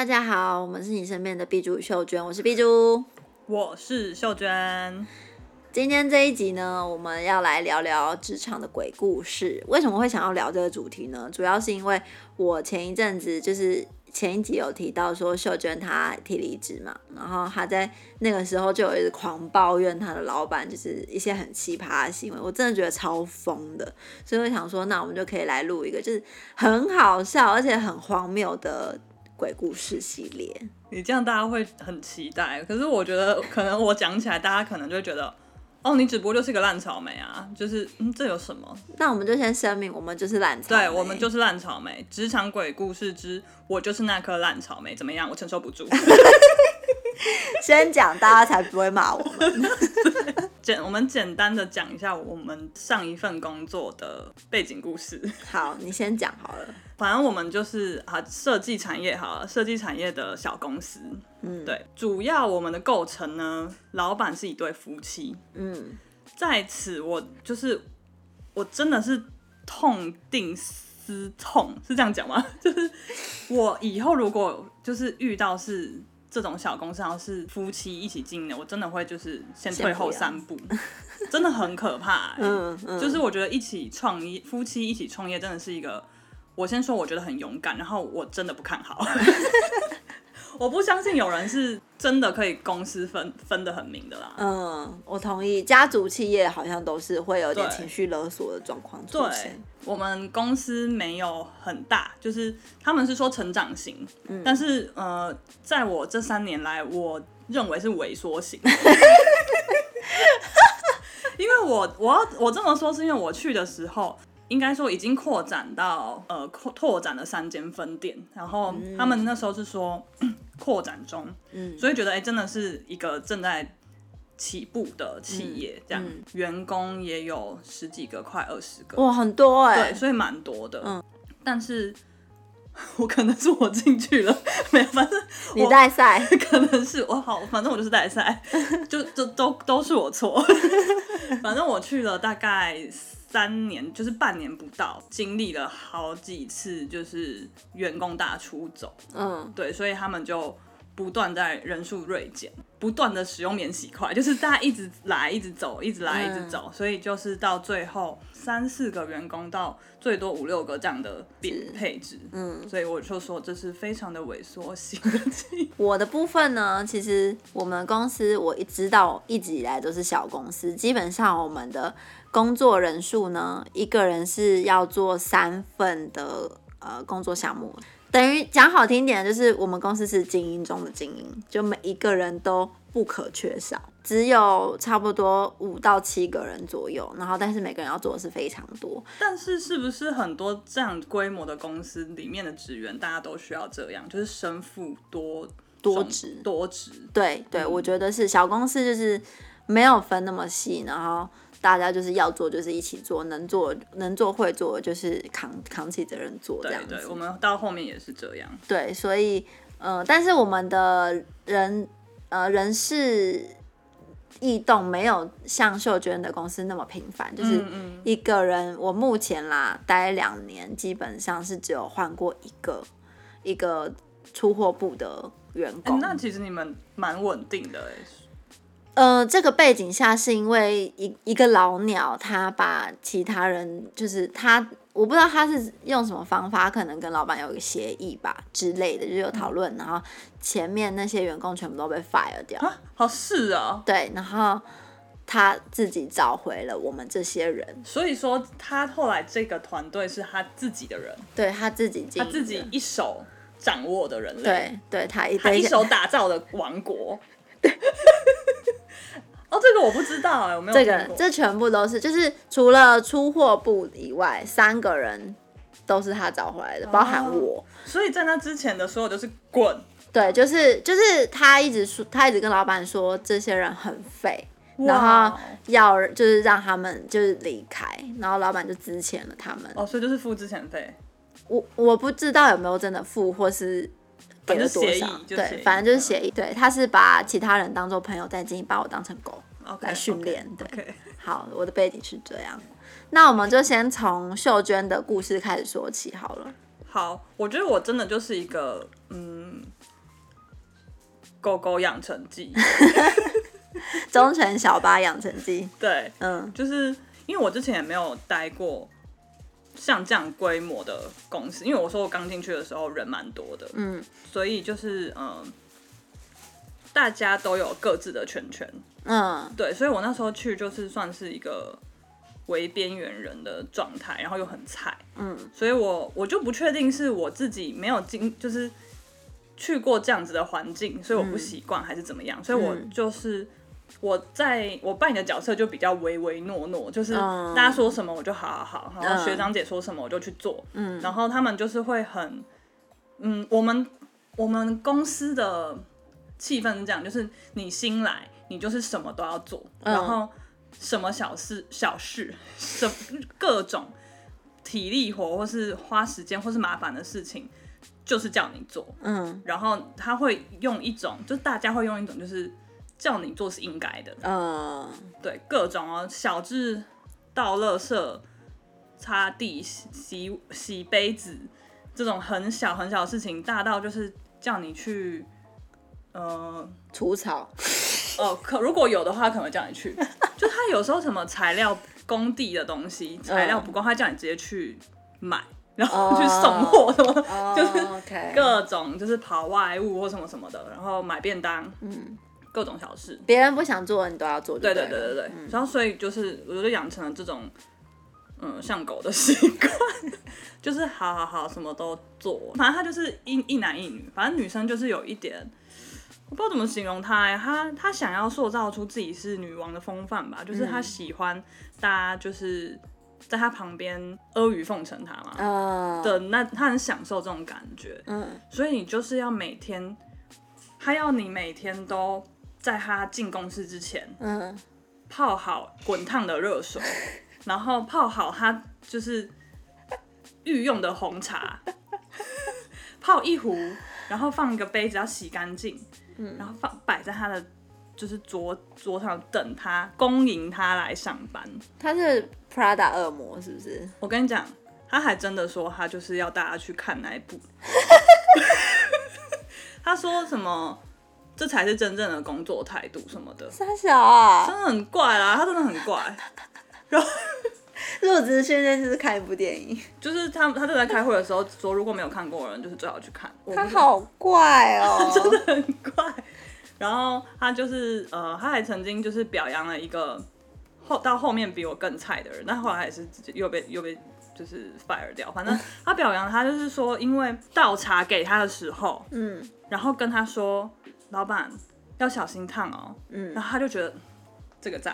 大家好，我們是你身邊的 B 豬與秀娟，我是 B 豬，我是秀娟。今天這一集呢，我們要來聊聊職場的鬼故事。為什麼我會想要聊這個主題呢？主要是因為我前一陣子就是前一集有提到說秀娟她提離職嘛，然後她在那個時候就有一直狂抱怨她的老闆，就是一些很奇葩的行為，我真的覺得超瘋的。所以我想說，那我們就可以來錄一個，就是很好笑而且很荒謬的。鬼故事系列，你這樣大家會很期待。可是我覺得，可能我講起來，大家可能就會覺得，哦，你只不過就是個爛草莓啊，就是嗯，這有什麼？那我們就先聲明，我們就是爛草莓，對，我們就是爛草莓。職場鬼故事之，我就是那顆爛草莓，怎麼樣？我承受不住。 先講，大家才不會罵我們。簡， 我們簡單的講一下我們上一份工作的背景故事。好，你先講好了。反正我們就是啊，設計產業好了，設計產業的小公司，嗯，對，主要我們的構成呢，老闆是一對夫妻，嗯，在此我就是我真的是痛定思痛，是這樣講嗎？就是我以後如果就是遇到是這種小公司，然後是夫妻一起經營的，我真的會就是先退後三步，真的很可怕，欸， 嗯，嗯，就是我覺得一起創業，夫妻一起創業真的是一個。我先說，我覺得很勇敢，然後我真的不看好， 我不相信有人是真的可以公私分，分得很明的啦。嗯，我同意，家族企業好像都是會有點情緒勒索的狀況出現。對，我們公司沒有很大，就是他們是說成長型，嗯、但是呃，在我這三年來，我認為是萎縮型， 因為我我要我這麼說是因為我去的時候。應該說已經擴展到呃擴拓展了三間分店，然後他們那時候是說嗯、擴展中，所以覺得哎、欸、真的是一個正在起步的企業，這樣、嗯嗯、員工也有十幾個，快二十個哇，很多哎、欸，對，所以蠻多的。嗯，但是我可能是我進去了，沒有，反正我你帶賽可能是我好，反正我就是帶賽， 就就都都是我錯， 反正我去了大概，三年就是半年不到，經歷了好幾次就是員工大出走，嗯，對，所以他們就不斷在人數銳減。不斷的使用免洗筷，就是大家一直來，一直走，一直來，一直走，嗯、所以就是到最後三四個員工到最多五六個這樣的併配置，嗯，所以我就說這是非常的萎縮性。 我的部分呢，其實我們公司我一直到一直以來都是小公司，基本上我們的工作人數呢，一個人是要做三份的呃工作項目。等於講好聽點，就是我們公司是精英中的精英，就每一個人都不可缺少，只有差不多五到七個人左右，然後但是每個人要做的是非常多。但是是不是很多這樣規模的公司裡面的職員，大家都需要這樣，就是身負多多職多職？對對，對嗯，我覺得是小公司就是沒有分那麼細，然後。大家就是要做，就是一起做，能做能做會做，就是扛扛起責任做這樣。對，對，對，我們到後面也是這樣。對，所以呃，但是我們的人呃人事異動沒有像秀娟的公司那麼頻繁，就是一個人嗯嗯我目前啦待兩年，基本上是只有換過一個一個出貨部的員工、欸。那其實你們蠻穩定的、欸。呃，這個背景下是因為一一個老鳥，他把其他人就是他，我不知道他是用什麼方法，可能跟老闆有一個協議吧之類的，就是，有討論，嗯、然後前面那些員工全部都被 fire 掉啊。好是啊，哦，對，然後他自己找回了我們這些人，所以說他後來這個團隊是他自己的人，對，他自己他自己一手掌握的人類，對，對，對他一對他一手打造的王國。 哦，這個我不知道哎、欸，有沒有。這個這全部都是，就是除了出貨部以外，三個人都是他找回來的，包含我。所以在他之前的時候，就是滾，對，就是就是他一直說，他一直跟老板說這些人很廢，哇然後要就是讓他們就是離開，然後老板就資遣了他們。哦，所以就是付資遣費？我我不知道有沒有真的付，或是。協議，就協議。對，反正就是協議。嗯、對，他是把其他人當做朋友，再進行把我當成狗 okay, 來訓練。Okay, 對，okay. 好，我的背景是這樣。那我們就先從秀娟的故事開始說起好了。好，我覺得我真的就是一個嗯，狗狗養成記，忠犬小八養成記。對，嗯，就是因為我之前也沒有待過。像這樣規模的公司，因為我說我剛進去的時候人蠻多的，嗯，所以就是、呃、大家都有各自的圈圈，嗯、啊，對，所以我那時候去就是算是一個微邊緣人的狀態，然後又很菜，嗯，所以我我就不確定是我自己沒有經就是去過這樣子的環境，所以我不習慣還是怎麼樣，嗯、所以我就是。我在我扮演的角色就比較唯唯諾諾，就是大家說什麼我就好好好，uh. 然後學長姐說什麼我就去做，嗯，uh. 然後他們就是會很，嗯，我們我們公司的氣氛是這樣，就是你新來你就是什麼都要做，uh. 然後什麼小事小事，什各種體力活或是花時間或是麻煩的事情就是叫你做，嗯，uh. 然後他會用一種，就大家會用一種就是。叫你做是應該的，嗯，對，各種哦，小至倒垃圾、擦地、洗洗杯子這種很小很小的事情，大到就是叫你去呃除草哦，可如果有的話，可能叫你去。 就他有時候，什麼材料工地的東西材料不夠，他、嗯、叫你直接去買，然後去送貨，哦、什麼、哦、就是各種就是跑外務或什麼什麼的，然後買便當，嗯。各種小事，別人不想做的你都要做，對，對對對對對。然後、嗯、所以就是，我覺得養成了這種，嗯，像狗的習慣， 就是好好好什麼都做。反正他就是一一男一女，反正女生就是有一點，我不知道怎麼形容她、欸。她她想要塑造出自己是女王的風範吧，就是她喜歡大家就是在她旁邊阿諛奉承他嘛。啊、嗯、對，那他很享受這種感覺。嗯，所以你就是要每天，他要你每天都。在他進公司之前，嗯，泡好滾燙的熱水，然後泡好他就是，御用的紅茶， 泡一壺，然後放一個杯子要洗乾淨，嗯、然後放擺在他的就是桌桌上等，他恭迎他來上班。他是 Prada 惡魔是不是？我跟你講，他還真的說他就是要大家去看那一部， 他說什麼？這才是真正的工作態度什麼的，三小啊，真的很怪啦，他真的很怪。 然後入職訓練就是看一部電影，就是他他在開會的時候說，如果沒有看過的人，就是最好去看。他好怪哦，他真的很怪。然後他就是呃，他還曾經就是表揚了一個後到後面比我更菜的人，但後來還是直接又被又被就是 fire 掉。反正他表揚他就是說，因為倒茶給他的時候，嗯，然後跟他說。老闆要小心燙哦。嗯，然後他就覺得這個讚，真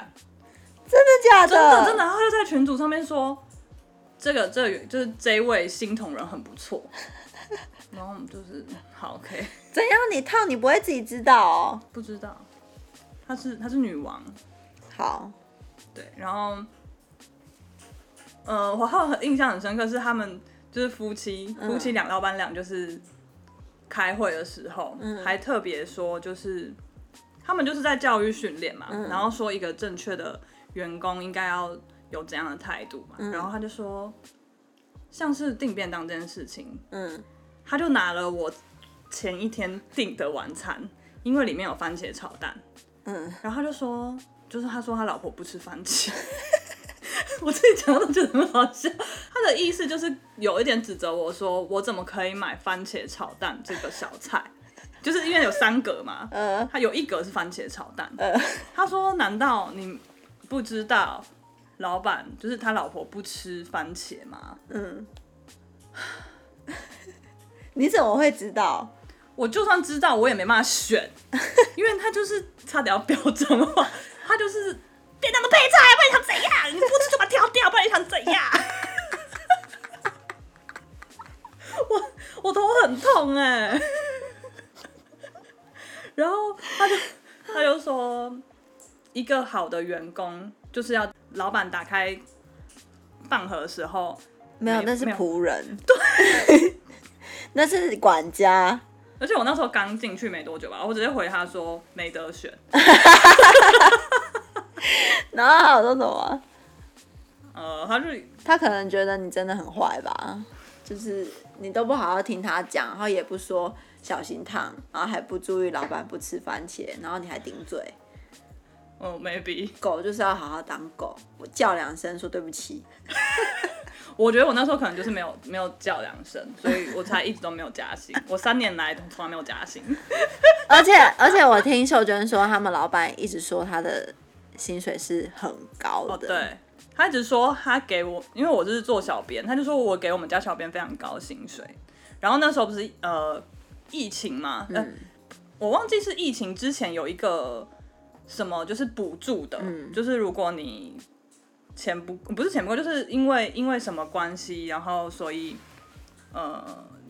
的假的？真的真的，然後他就在群組上面說，這個這個、就是這位新同仁很不錯。 然後就是好 okay，怎樣你燙你不會自己知道哦？不知道，她是她是女王。好，對，然後呃，我後很印象很深刻是他們就是夫妻、嗯、夫妻倆老闆倆就是。開會的時候，嗯、還特別說，就是他們就是在教育訓練嘛，嗯、然後說一個正確的員工應該要有怎樣的態度嘛，嗯、然後他就說，像是訂便當這件事情，嗯、他就拿了我前一天訂的晚餐，因為裡面有番茄炒蛋，嗯、然後他就說，就是他說他老婆不吃番茄。 我自己講的都覺得很好笑，他的意思就是有一點指責我說，我怎麼可以買番茄炒蛋這個小菜？就是因為有三格嘛，嗯，他有一格是番茄炒蛋，他說難道你不知道老闆就是他老婆不吃番茄嗎？嗯，你怎麼會知道？我就算知道我也沒辦法選，因為他就是差點要標準化，他就是變成個配菜，會成怎樣？你不。非常怎樣？ 我我頭很痛哎、欸。 然後他就他就說，一個好的員工就是要老板打開飯盒的時候，沒有沒那是僕人，對， 那是管家。而且我那時候剛進去沒多久吧，我直接回他說沒得選。然後我都怎麼？呃，他就他可能覺得你真的很壞吧？就是你都不好好聽他講，然後也不說小心燙，然後還不注意老闆不吃番茄，然後你還頂嘴。哦，oh，maybe，狗就是要好好當狗，我叫兩聲說對不起。 我覺得我那時候可能就是沒有沒有叫兩聲，所以我才一直都沒有加薪。 我三年來都從來沒有加薪。 而且而且我聽秀娟說，他們老闆一直說他的薪水是很高的。Oh, 對。他一直說他給我，因為我就是做小編，他就說，我給我們家小編非常高薪水。然後那時候不是呃疫情嘛、嗯呃，我忘記是疫情之前有一個什麼就是補助的，嗯、就是如果你錢不不是錢不夠，就是因為因為什麼關係，然後所以呃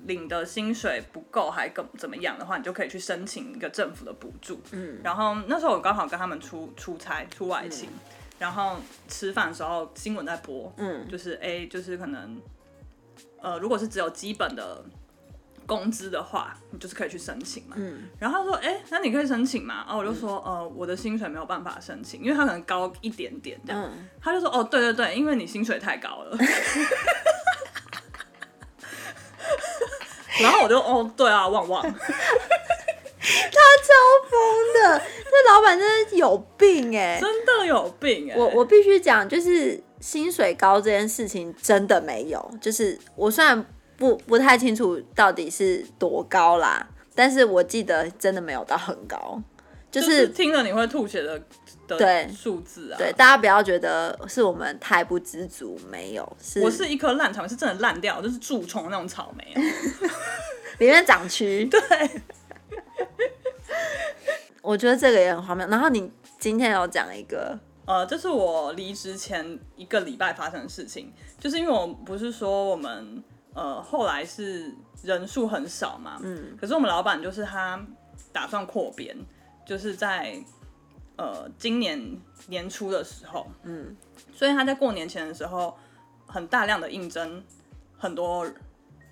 領的薪水不夠還更怎麼樣的話，你就可以去申請一個政府的補助。嗯，然後那時候我剛好跟他們出出差出外勤。嗯然後吃飯的時候新聞在播，嗯、就是 A、欸、就是可能、呃，如果是只有基本的工資的話，你就是可以去申請嘛，嗯、然後他說，哎、欸，那你可以申請嗎？然、喔、後我就說，嗯、呃，我的薪水沒有辦法申請，因為他可能高一點點這樣。嗯、他就說，哦、喔，對對對，因為你薪水太高了。 然後我就，哦、喔，對啊，旺旺。 他超瘋的，這老板真的有病哎、欸！真的有病哎、欸！我我必須講，就是薪水高這件事情真的沒有，就是我雖然不不太清楚到底是多高啦，但是我記得真的沒有到很高，就是，就是聽着你會吐血的對數字啊對。對，大家不要覺得是我們太不知足，沒有，是我是一顆爛草莓，是真的爛掉，就是蛀蟲那種草莓，啊、 裡面長蛆。 對。我覺得這個也很荒謬，然後你今天要講一個，呃，這是我離職前一個禮拜發生的事情，就是因為我不是說我們呃後來是人數很少嘛，嗯，可是我們老板就是他打算擴編，就是在呃今年年初的時候，嗯，所以他在過年前的時候很大量的應徵很多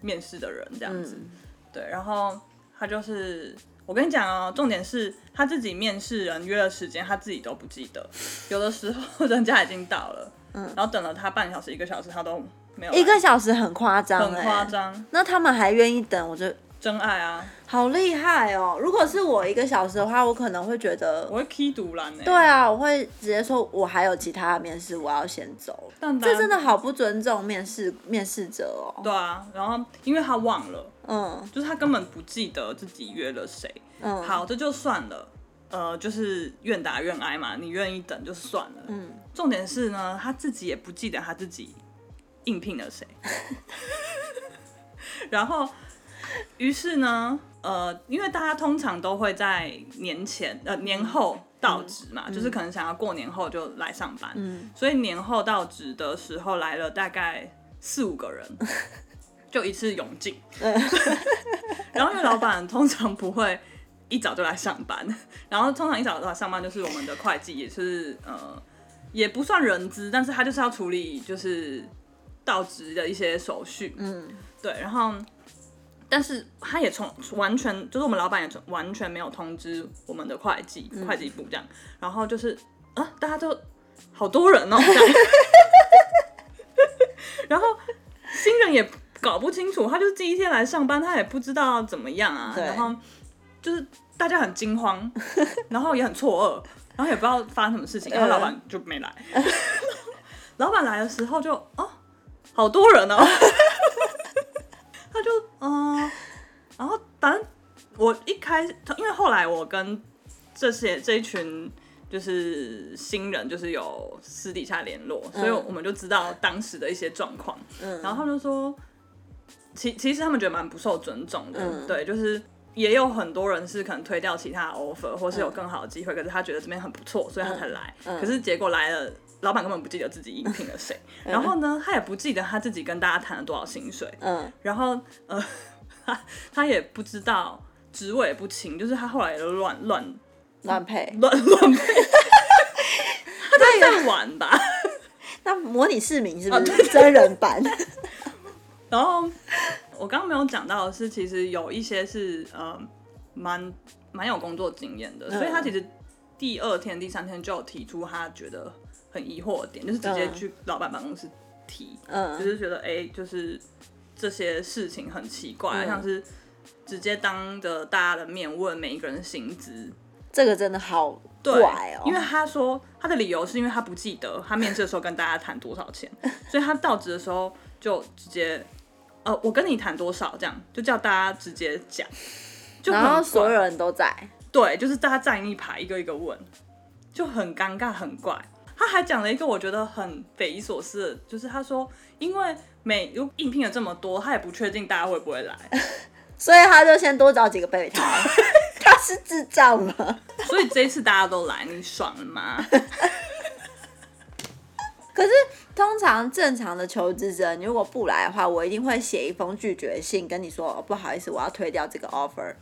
面試的人這樣子，嗯、對，然後他就是。我跟你講哦，重點是他自己面試人約了時間，他自己都不記得。有的時候人家已經到了，嗯、然後等了他半個小時、一個小時，他都沒有。一個小時很誇張、欸，很誇張。那他們還願意等，我就真愛啊！好厲害哦！如果是我一個小時的話，我可能會覺得我會氣督懶、欸。對啊，我會直接說我還有其他的面試，我要先走。但但這真的好不尊重面試面試者哦。對啊，然後因為他忘了。嗯，oh. 就是他根本不記得自己約了誰。Oh. 好，這就算了。呃，就是願打願挨嘛，你願意等就算了。嗯，重點是呢，他自己也不記得他自己應聘了誰。 然後，於是呢，呃，因為大家通常都會在年前呃年後到職嘛，嗯，就是可能想要過年後就來上班。嗯，所以年後到職的時候來了大概四五個人。 就一次湧進， 然後因為老闆通常不會一早就來上班， 然後通常一早就來上班就是我們的會計，也是呃也不算人資，但是他就是要處理就是到職的一些手續，嗯，對，然後但是他也從完全就是我們老闆也從完全沒有通知我們的會計會計部這樣，嗯、然後就是啊大家都好多人哦，喔，這樣 然後新人也。搞不清楚，他就是第一天來上班，他也不知道怎麼樣啊。對然後就是大家很驚慌， 然後也很錯愕，然後也不知道發生什麼事情。嗯、然後老闆就沒來。 老闆來的時候就哦，好多人哦。 他就嗯、呃，然後反正我一開始，因為後來我跟這些這一群就是新人就是有私底下聯絡，嗯、所以我們就知道當時的一些狀況。嗯。然後他就說。其其實他們覺得蠻不受尊重的，嗯、對，就是也有很多人是可能推掉其他 offer 或是有更好的機會，嗯、可是他覺得這邊很不錯，所以他才來。嗯嗯、可是結果來了，老闆根本不記得自己應聘了誰，嗯、然後呢，他也不記得他自己跟大家談了多少薪水，嗯，然後呃他，他也不知道職位也不清，就是他後來也都亂亂亂配亂亂配，他在玩吧、那個，那模擬市民是吧？哦、對對對，真人版？ 然後、我剛剛沒有講到的是，其實有一些是呃，蠻、嗯、蠻有工作經驗的，嗯、所以他其實第二天、第三天就有提出他覺得很疑惑的點，嗯、就是直接去老闆辦公室提，只、嗯、是覺得哎、欸，就是這些事情很奇怪，嗯、像是直接當着大家的面問每一個人薪資，這個真的好怪、喔、對，因為他說他的理由是因為他不記得他面試的時候跟大家談多少錢， 所以他到職的時候就直接。呃，我跟你談多少，這樣就叫大家直接講，就然後所有人都在，對，就是大家站一排，一個一個問，就很尷尬，很怪。他還講了一個我覺得很匪夷所思的，就是他說，因為每如應聘了這麼多，他也不確定大家會不會來， 所以他就先多找幾個備胎。 他是智障嗎？ 所以這一次大家都來，你爽了嗎？ 可是，通常正常的求職者，你如果不來的話，我一定會寫一封拒絕信，跟你說、哦、不好意思，我要推掉這個 offer，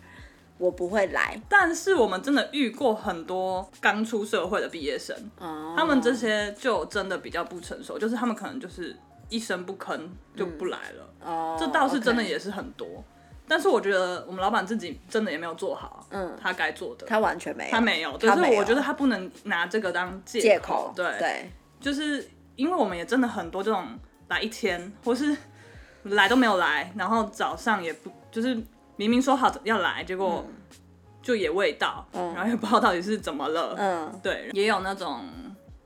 我不會來。但是我們真的遇過很多剛出社會的畢業生，哦、他們這些就真的比較不成熟，就是他們可能就是一聲不吭就不來了。嗯、這倒是真的也是很多。嗯哦 okay、但是我覺得我們老闆自己真的也沒有做好，嗯，他該做的、嗯，他完全沒有。他沒有。但是我覺得他不能拿這個當借口，口、對，對就是。因為我們也真的很多這種來一天，或是來都沒有來，然後早上也不，就是明明說好要來，結果就也未到，嗯、然後也不知道到底是怎麼了。嗯，對，也有那種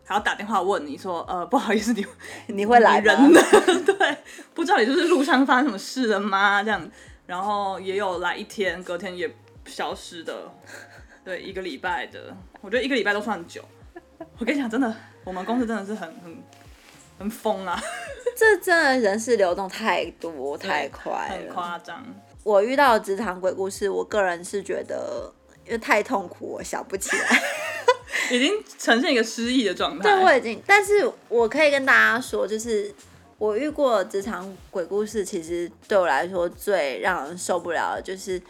還要打電話問你說，呃，不好意思，你你會來嗎？你人呢？ 對，不知道你就是路上發生什麼事了嗎？這樣，然後也有來一天，隔天也消失的，對，一個禮拜的，我覺得一個禮拜都算久。我跟你講，真的，我們公司真的是很很。很瘋啊！ 這真的人事流動太多太快，嗯、很誇張。我遇到職場鬼故事，我個人是覺得因為太痛苦，我想不起來， 已經呈現一個失憶的狀態。對，我已經。但是我可以跟大家說，就是我遇過職場鬼故事，其實對我來說最讓人受不了的就是，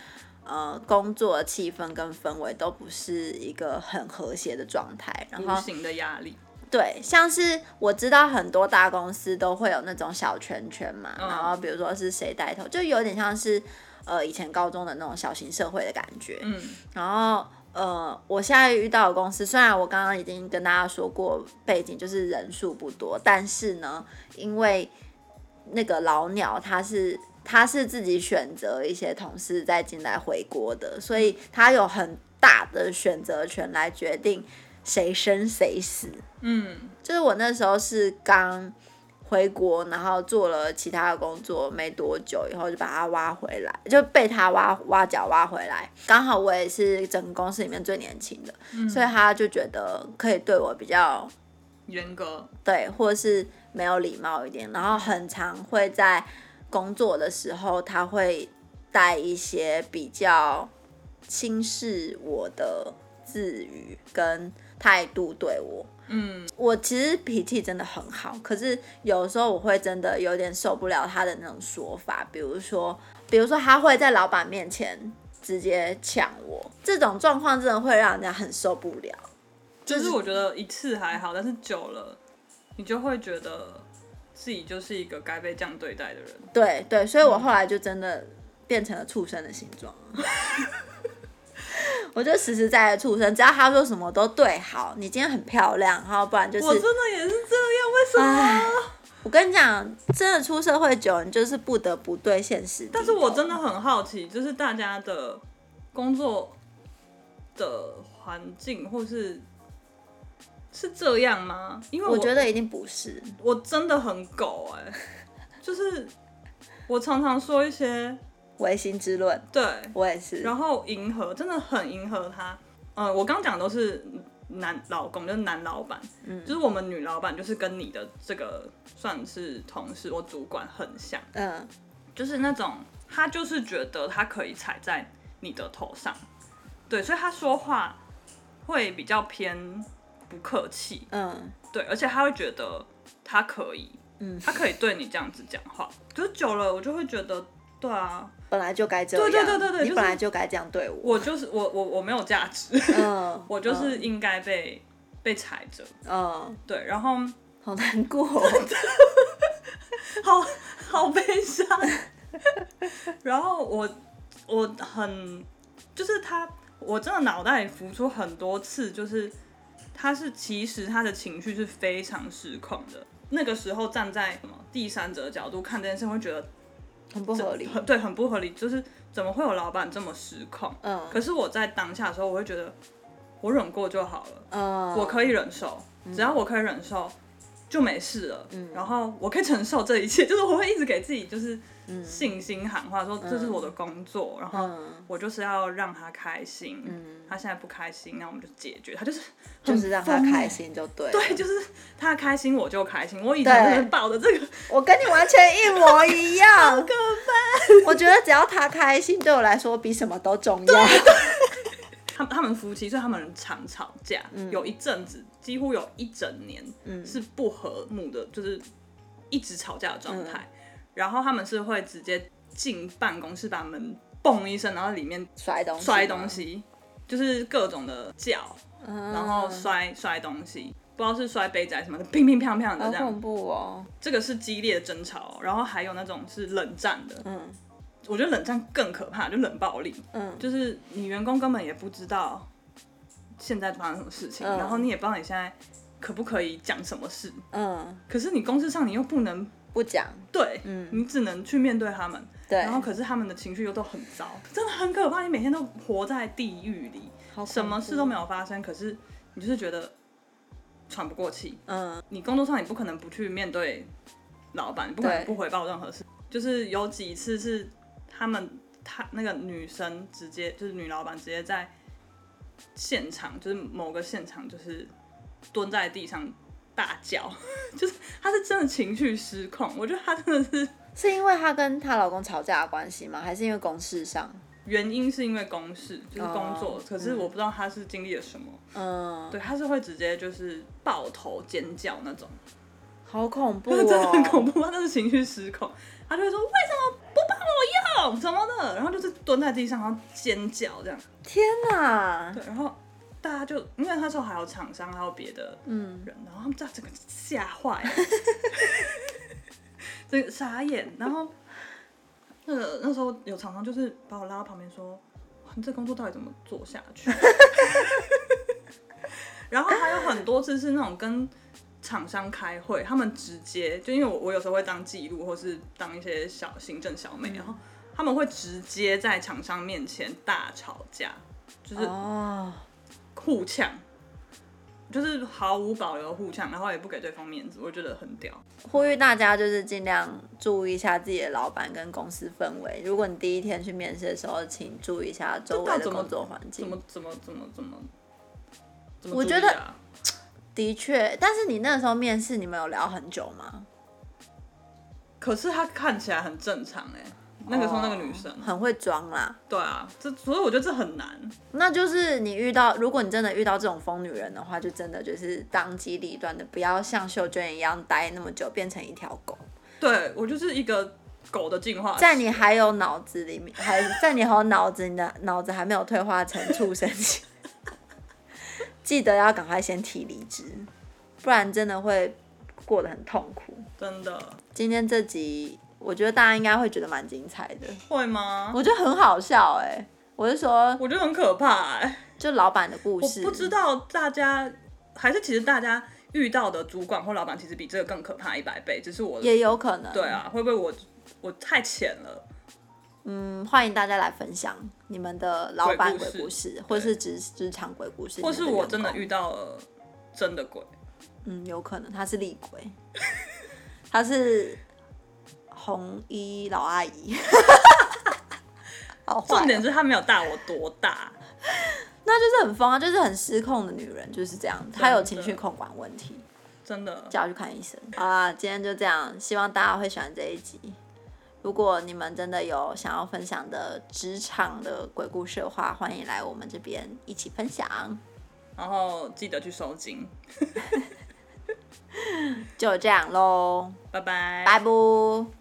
呃，工作的氣氛跟氛圍都不是一個很和諧的狀態，然後無形的壓力。對，像是我知道很多大公司都會有那種小圈圈嘛，嗯、然後比如說是誰帶頭，就有點像是呃以前高中的那種小型社會的感覺。嗯，然後呃，我現在遇到的公司，雖然我剛剛已經跟大家說過背景就是人數不多，但是呢，因為那個老鳥他是他是自己選擇一些同事再進來回國的，所以他有很大的選擇權來決定。誰生誰死？嗯，就是我那時候是剛回國，然後做了其他的工作沒多久，以後就把他挖回來，就被他挖挖角挖回來。剛好我也是整個公司裡面最年輕的，嗯、所以他就覺得可以對我比較嚴格，對，或者是沒有禮貌一點。然後很常會在工作的時候，他會帶一些比較輕視我的字語跟。態度對我，嗯，我其實脾氣真的很好，可是有時候我會真的有點受不了他的那種說法，比如說，比如說他會在老板面前直接搶我，這種狀況真的會讓人家很受不了。就是、就是我覺得一次還好，但是久了，你就會覺得自己就是一個該被這樣對待的人。對對，所以我後來就真的變成了畜生的形狀。嗯 我就實實在在的出生，只要他說什麼都對。好，你今天很漂亮，好，不然就是我真的也是這樣。為什麼？我跟你講，真的出社會久，你就是不得不對現實。但是我真的很好奇，就是大家的工作的環境，或是是這樣嗎？因為我，我覺得一定不是。我真的很狗哎、欸，就是我常常說一些。唯心之論，對我也是。然後迎合，真的很迎合他。嗯，我剛講都是男老公，就是男老闆，嗯，就是我們女老闆，就是跟你的這個算是同事、我主管很像，嗯，就是那種他就是覺得他可以踩在你的頭上，對，所以他說話會比較偏不客氣，嗯，對，而且他會覺得他可以，嗯，他可以對你這樣子講話。可是久了，我就會覺得，對啊。本來就該這樣，對對對對對，你本來就該這樣對我。我就是我我我沒有價值，嗯，我就是應該被、uh. 被踩着，嗯，uh. 對，然後好難過、哦 好，好好悲傷。 然後我我很就是他，我真的腦袋裡浮出很多次，就是他是其實他的情緒是非常失控的。那個時候站在什麼第三者的角度看這件事，會覺得。很不合理很，對，很不合理。就是怎麼會有老闆這麼失控？嗯，uh. 可是我在當下的時候，我會覺得我忍過就好了，uh. 我可以忍受，嗯，只要我可以忍受。就沒事了，嗯、然後我可以承受這一切，就是我會一直給自己就是信心喊話說，說、嗯、這是我的工作，嗯、然後我就是要讓他開心，嗯、他現在不開心，那、嗯、我們就解決他，就是就是讓他開心就對，對，就是他開心我就開心。我以前很抱著這個，我跟你完全一模一樣， 怕 我覺得只要他開心，對我來說比什麼都重要。他，他們夫妻，所以他們常吵架。嗯、有一陣子，幾乎有一整年是不和睦的，嗯、就是一直吵架的狀態。嗯、然後他們是會直接進辦公室，把門嘣一聲，然後裡面摔東，摔東西，就是各種的叫，嗯、然後摔摔東西，不知道是摔杯仔什麼的，乒乒乓乓的這樣。恐怖哦！這個是激烈的爭吵，然後還有那種是冷戰的。嗯。我覺得冷戰更可怕，就冷暴力。嗯，就是你員工根本也不知道現在發生什麼事情，然後你也不知道你現在可不可以講什麼事。嗯，可是你公司上你又不能不講。對，嗯，你只能去面對他們。對，然後可是他們的情緒又都很糟，真的很可怕。你每天都活在地獄裡，什麼事都沒有發生，可是你就是覺得喘不過氣。嗯，你工作上你不可能不去面對老板，你不可能不回報任何事。就是有幾次是。他們，他那個女生直接就是女老闆，直接在現場，就是某個現場，就是蹲在地上大叫，就是她是真的情緒失控。我覺得她真的是，是因為她跟她老公吵架的關係嗎？還是因為公事上？原因是因為公事，就是工作。可是我不知道她是經歷了什麼。嗯，對，她是會直接就是抱頭尖叫那種，好恐怖，那個真的很恐怖。她那是情緒失控，他就會說為什麼？我要什麼的，然後就是蹲在地上，然後尖叫這樣。天啊，對，然後大家就，因為那時候還有廠商，還有別的嗯人，嗯然後他們這樣整個嚇壞，這個 傻眼。然後那個那時候有廠商就是把我拉到旁邊說：“你這工作到底怎麼做下去？” 然後還有很多次是那種跟。廠商開會，他們直接就因為我我有時候會當記錄，或是當一些小行政小妹，然後他們會直接在廠商面前大吵架，就是互嗆，Oh. 就是毫無保留互嗆，然後也不給對方面子，我覺得很屌。呼籲大家就是儘量注意一下自己的老板跟公司氛圍。如果你第一天去面試的時候，請注意一下周圍的工作環境怎，怎麼怎麼怎麼怎麼？怎麼怎麼我覺得。的確，但是你那個時候面試，你們有聊很久嗎？可是她看起來很正常哎、欸，那個時候那個女生、哦、很會裝啦。對啊，這所以我覺得這很難。那就是你遇到，如果你真的遇到這種瘋女人的話，就真的就是當機立斷的，不要像秀娟一樣待那麼久，變成一條狗。對，我就是一個狗的進化，在你還有腦子裡面，還在你還有腦子，你的腦子還沒有退化成畜生。 記得要趕快先提離職，不然真的會過得很痛苦。真的，今天這集我覺得大家應該會覺得蠻精彩的。會嗎？我覺得很好笑哎，我就說，我覺得很可怕哎，就老闆的故事。我不知道大家還是其實大家遇到的主管或老闆，其實比這個更可怕一百倍。只是我也有可能對啊，會不會我我太淺了？嗯，歡迎大家來分享你們的老板鬼故事，或是職職場鬼故事，或是我真的遇到了真的鬼。嗯，有可能她是厲鬼，她 是紅衣老阿姨。 重點是她沒有大我多大， 哦、那就是很瘋啊，就是很失控的女人就是這樣，的她有情緒控管問題，真的叫我去看醫生好啦，今天就這樣，希望大家會喜歡這一集。如果你們真的有想要分享的職場的鬼故事的話，歡迎來我們這邊一起分享，然後記得去收聽， 就這樣嘍，拜拜 bye，拜。